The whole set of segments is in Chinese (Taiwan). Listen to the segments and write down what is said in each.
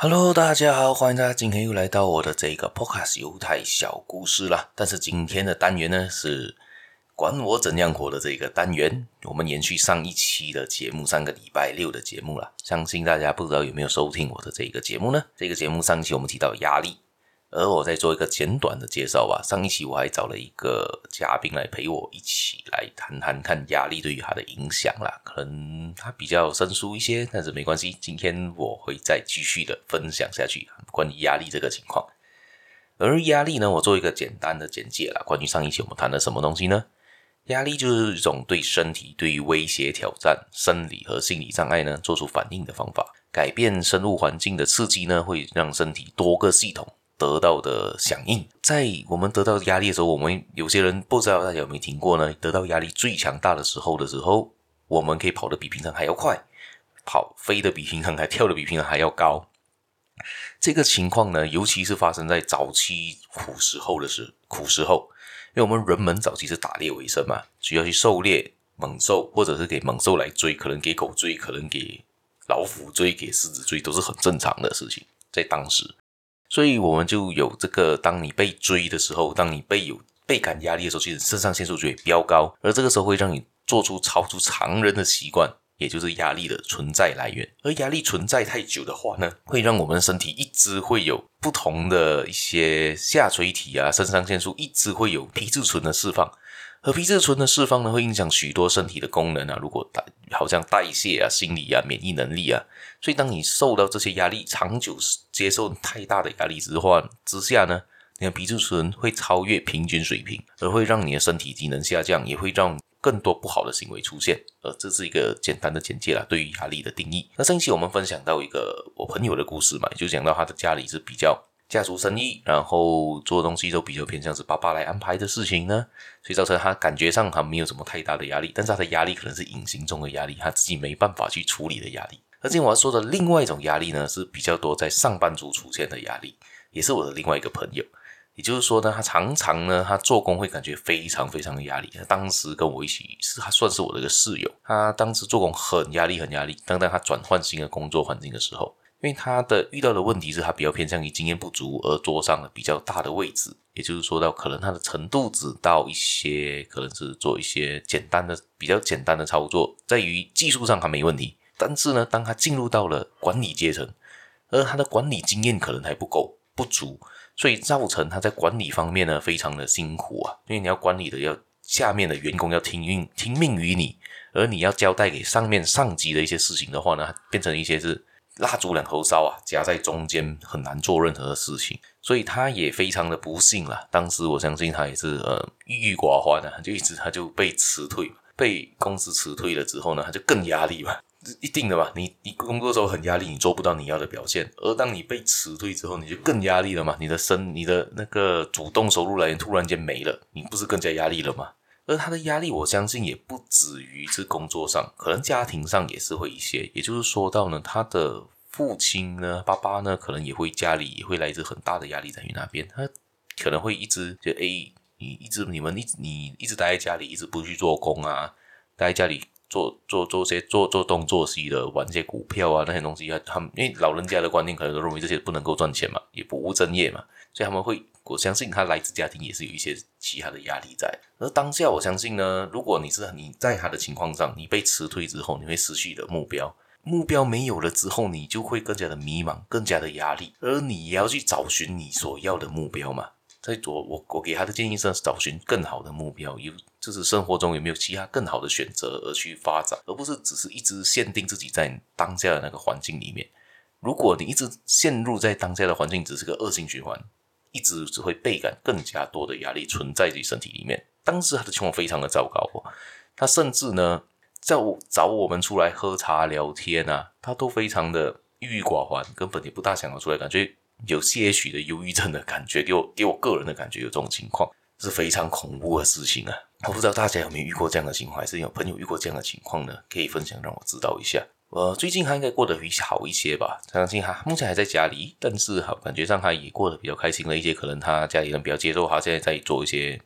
哈嘍，Hello, 大家好，歡迎大家今天又來到我的這個 Podcast 猶太小故事啦，但是今天的單元呢是“管我怎樣活”的這個單元。我們延續上一期的節目，上個禮拜六的節目了。相信大家不知道有沒有收聽我的這個節目呢？這個節目上期我們提到壓力。而我再做一個簡短的介紹吧。上一期我還找了一個嘉賓來陪我一起來談談看壓力對於他的影響啦。可能他比較生疏一些，但是沒關係。今天我會再繼續的分享下去關於壓力這個情況。而壓力呢，我做一個簡單的簡介啦。關於上一期我們談了什麼東西呢？壓力就是一種對身體對於威脅、挑戰、生理和心理障礙呢做出反應的方法。改變生物環境的刺激呢，會讓身體多個系統得到的響應，在我們得到壓力的時候，我們有些人不知道大家有沒有聽過呢？得到壓力最強大的時候的時候，我們可以跑得比平常還要快，跑飛得比平常還，跳得比平常還要高。這個情況呢，尤其是發生在早期古時候的時候，古時候，因為我們人們早期是打獵為生嘛，需要去狩獵猛獸，或者是給猛獸來追，可能給狗追，可能給老虎追，給獅子追，都是很正常的事情，在當時。所以，我們就有這個：當你被追的時候，當你被有倍感壓力的時候，其實腎上腺素就會飆高，而這個時候會讓你做出超出常人的習慣，也就是壓力的存在來源。而壓力存在太久的話呢，會讓我們的身體一直會有不同的一些下垂體啊、腎上腺素一直會有皮質醇的釋放。而皮質醇的釋放呢，會影響許多身體的功能啊。如果代好像代謝啊、心理啊、免疫能力啊，所以當你受到這些壓力，長久接受太大的壓力之患之下呢，你的皮質醇會超越平均水平，而會讓你的身體機能下降，也會讓更多不好的行為出現。呃，這是一個簡單的簡介啦，對於壓力的定義。那上一期我們分享到一個我朋友的故事嘛，也就講到他的家裡是比較。家族生意，然後做東西都比較偏向是爸爸來安排的事情呢，所以造成他感覺上他沒有什麼太大的壓力，但是他的壓力可能是隱形中的壓力，他自己沒辦法去處理的壓力。而且我要說的另外一種壓力呢，是比較多在上班族出現的壓力，也是我的另外一個朋友。也就是說呢，他常常呢，他做工會感覺非常非常的壓力。他當時跟我一起是，他算是我的一個室友，他當時做工很壓力，很壓力。當當他轉換新的工作環境的時候。因為他的遇到的問題是他比較偏向於經驗不足而坐上了比較大的位置，也就是說到可能他的程度只到一些可能是做一些簡單的比較簡單的操作，在於技術上他沒問題，但是呢，當他進入到了管理階層，而他的管理經驗可能還不夠不足，所以造成他在管理方面呢非常的辛苦啊，因為你要管理的要下面的員工要聽命聽命於你，而你要交代給上面上級的一些事情的話呢，變成一些是。蠟燭兩頭燒啊，夾在中間很難做任何的事情，所以他也非常的不幸啦。當時我相信他也是呃鬱鬱寡歡的啊，就一直他就被辭退，被公司辭退了之後呢，他就更壓力嘛，一定的嘛。你你工作的時候很壓力，你做不到你要的表現，而當你被辭退之後，你就更壓力了嘛。你的生你的那個主動收入來源突然間沒了，你不是更加壓力了嗎？而他的壓力，我相信也不止於是工作上，可能家庭上也是會一些。也就是說，到呢，他的父親呢，爸爸呢，可能也會家裡也會來自很大的壓力在於那邊，他可能會一直就誒、欸、你一直你們一你，你一直待在家裡，一直不去做工啊，待在家裡做做做些做做東做西的，玩一些股票啊那些東西，他他們因為老人家的觀念可能都認為這些不能夠賺錢嘛，也不務正業嘛，所以他們會。我相信他來自家庭也是有一些其他的壓力在。而當下，我相信呢，如果你是你在他的情況上，你被辭退之後，你會失去了目標，目標沒有了之後，你就會更加的迷茫，更加的壓力。而你也要去找尋你所要的目標嘛，在昨我我給他的建議是找尋更好的目標，有就是生活中有沒有其他更好的選擇而去發展，而不是只是一直限定自己在當下的那個環境裡面。如果你一直陷入在當下的環境，只是個惡性循環。一直只會倍感更加多的壓力存在自己身體裡面，當時他的情況非常的糟糕哦，他甚至呢在找我們出來喝茶聊天啊，他都非常的鬱鬱寡歡，根本也不大想要出來，感覺有些許的憂鬱症的感覺，給我給我個人的感覺有這種情況這是非常恐怖的事情啊，我不知道大家有沒有遇過這樣的情況，還是有朋友遇過這樣的情況呢？可以分享讓我知道一下。呃，我最近他應該過得比較好一些吧？相信他目前還在家裡，但是好感覺上他也過得比較開心了一些。可能他家裡人比較接受他現在在做一些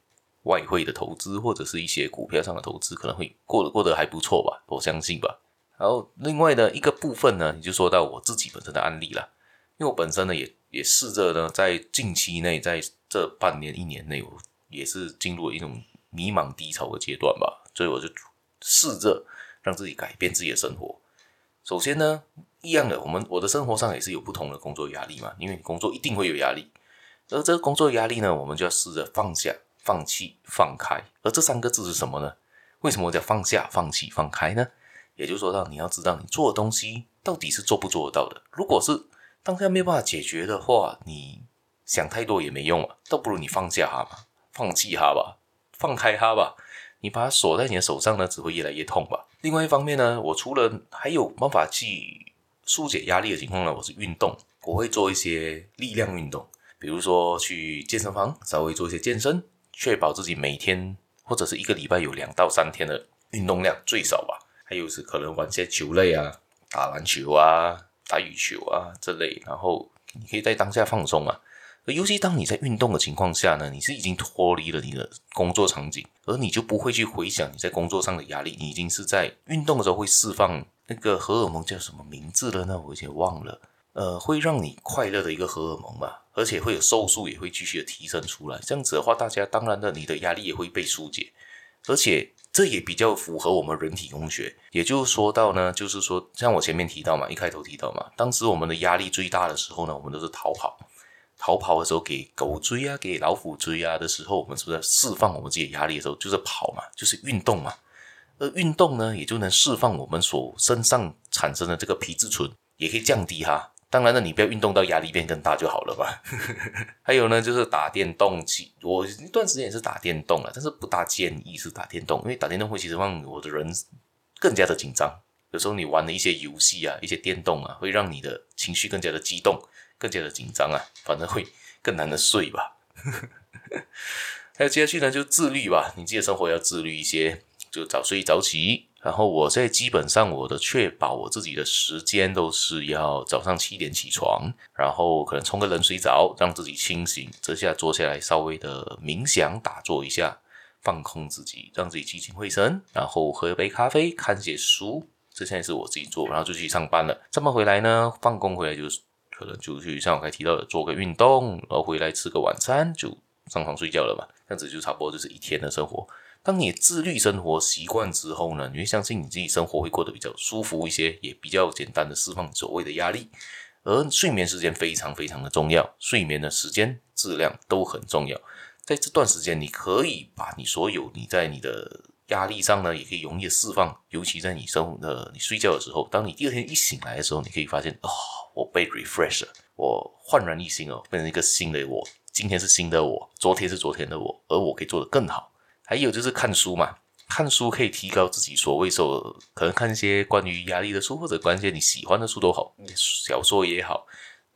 外匯的投資，或者是一些股票上的投資，可能會過得過得還不錯吧？我相信吧。然後另外的一個部分呢，你就說到我自己本身的案例了，因為我本身呢也也試着呢在近期內，在這半年一年內，我也是進入了一種迷茫低潮的階段吧，所以我就試着讓自己改變自己的生活。首先呢，一樣的，我們我的生活上也是有不同的工作壓力嘛，因為你工作一定會有壓力，而這個工作壓力呢，我們就要試着放下、放棄、放開。而這三個字是什麼呢？為什麼我叫放下、放棄、放開呢？也就是說，讓你要知道你做的東西到底是做不做得到的。如果是當下沒有辦法解決的話，你想太多也沒用啊，倒不如你放下他嘛，放棄他吧，放開他吧。你把它鎖在你的手上呢，只會越來越痛吧。另外一方面呢，我除了還有辦法去疏解壓力的情況呢，我是運動，我會做一些力量運動，比如說去健身房稍微做一些健身，確保自己每天或者是一個禮拜有兩到三天的運動量最少吧。還有是可能玩些球類啊，打籃球啊，打羽球啊這類，然後你可以在當下放鬆啊。而尤其當你在運動的情況下呢，你是已經脫離了你的工作場景，而你就不會去回想你在工作上的壓力，你已經是在運動的時候會釋放那個荷爾蒙叫什麼名字了呢？我有些忘了，呃，會讓你快樂的一個荷爾蒙吧，而且會有瘦素也會繼續的提升出來。這樣子的話，大家當然的，你的壓力也會被疏解，而且這也比較符合我們人體工學。也就是說到呢，就是說像我前面提到嘛，一開頭提到嘛，當時我們的壓力最大的時候呢，我們都是逃跑。逃跑的時候給狗追啊，給老虎追啊的時候，我們是不是釋放我們自己壓力的時候就是跑嘛，就是運動嘛？而運動呢，也就能釋放我們所身上產生的這個皮質醇，也可以降低它。當然了，你不要運動到壓力變更大就好了嘛。 還有呢，就是打電動，我一段時間也是打電動了，但是不大建議是打電動，因為打電動會其實讓我的人更加的緊張。有時候你玩的一些遊戲啊，一些電動啊，會讓你的情緒更加的激動。更加的緊張啊，反正會更難的睡吧。 還有接下去呢，就自律吧，你自己的生活要自律一些，就早睡早起。然後我現在基本上我的確保我自己的時間都是要早上七點起床，然後可能沖個冷水澡，讓自己清醒。這下坐下來稍微的冥想打坐一下，放空自己，讓自己聚精會神。然後喝一杯咖啡，看些書。這現在是我自己做，然後就去上班了。這麼回來呢，放工回來就。可能就去像我剛才提到的，做個運動，然後回來吃個晚餐，就上床睡覺了嘛，這樣子就差不多就是一天的生活。當你自律生活習慣之後呢，你會相信你自己生活會過得比較舒服一些，也比較簡單的釋放所謂的壓力。而睡眠時間非常非常的重要，睡眠的時間、質量都很重要。在這段時間，你可以把你所有你在你的。壓力上呢，也可以容易的釋放，尤其在你生活的你睡覺的時候，當你第二天一醒來的時候，你可以發現哦，我被 refresh 了，我煥然一新哦，變成一個新的我，今天是新的我，昨天是昨天的我，而我可以做得更好。還有就是看書嘛，看書可以提高自己，所謂說可能看一些關於壓力的書，或者關於一些你喜歡的書都好，小說也好，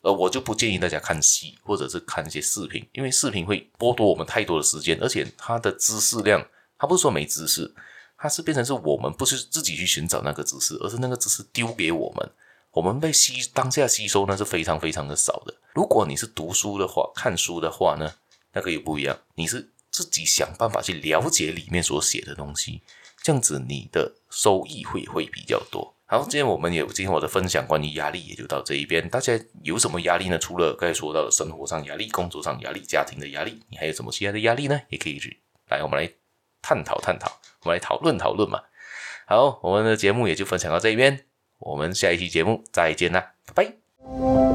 呃，我就不建議大家看戲，或者是看一些視頻，因為視頻會剝奪我們太多的時間，而且它的知識量。他不是說沒知識，他是變成是我們不是自己去尋找那個知識，而是那個知識丟給我們，我們被吸當下吸收呢是非常非常的少的。如果你是讀書的話、看書的話呢，那個也不一樣，你是自己想辦法去了解裡面所寫的東西，這樣子你的收益會會比較多。好，今天我們也今天我的分享關於壓力也就到這一邊。大家有什麼壓力呢？除了剛才說到的生活上壓力、工作上壓力、家庭的壓力，你還有什麼其他的壓力呢？也可以去。來，我們來，探討探討，我們來討論討論嘛。好，我們的節目也就分享到這邊，我們下一期節目再見啦，拜拜。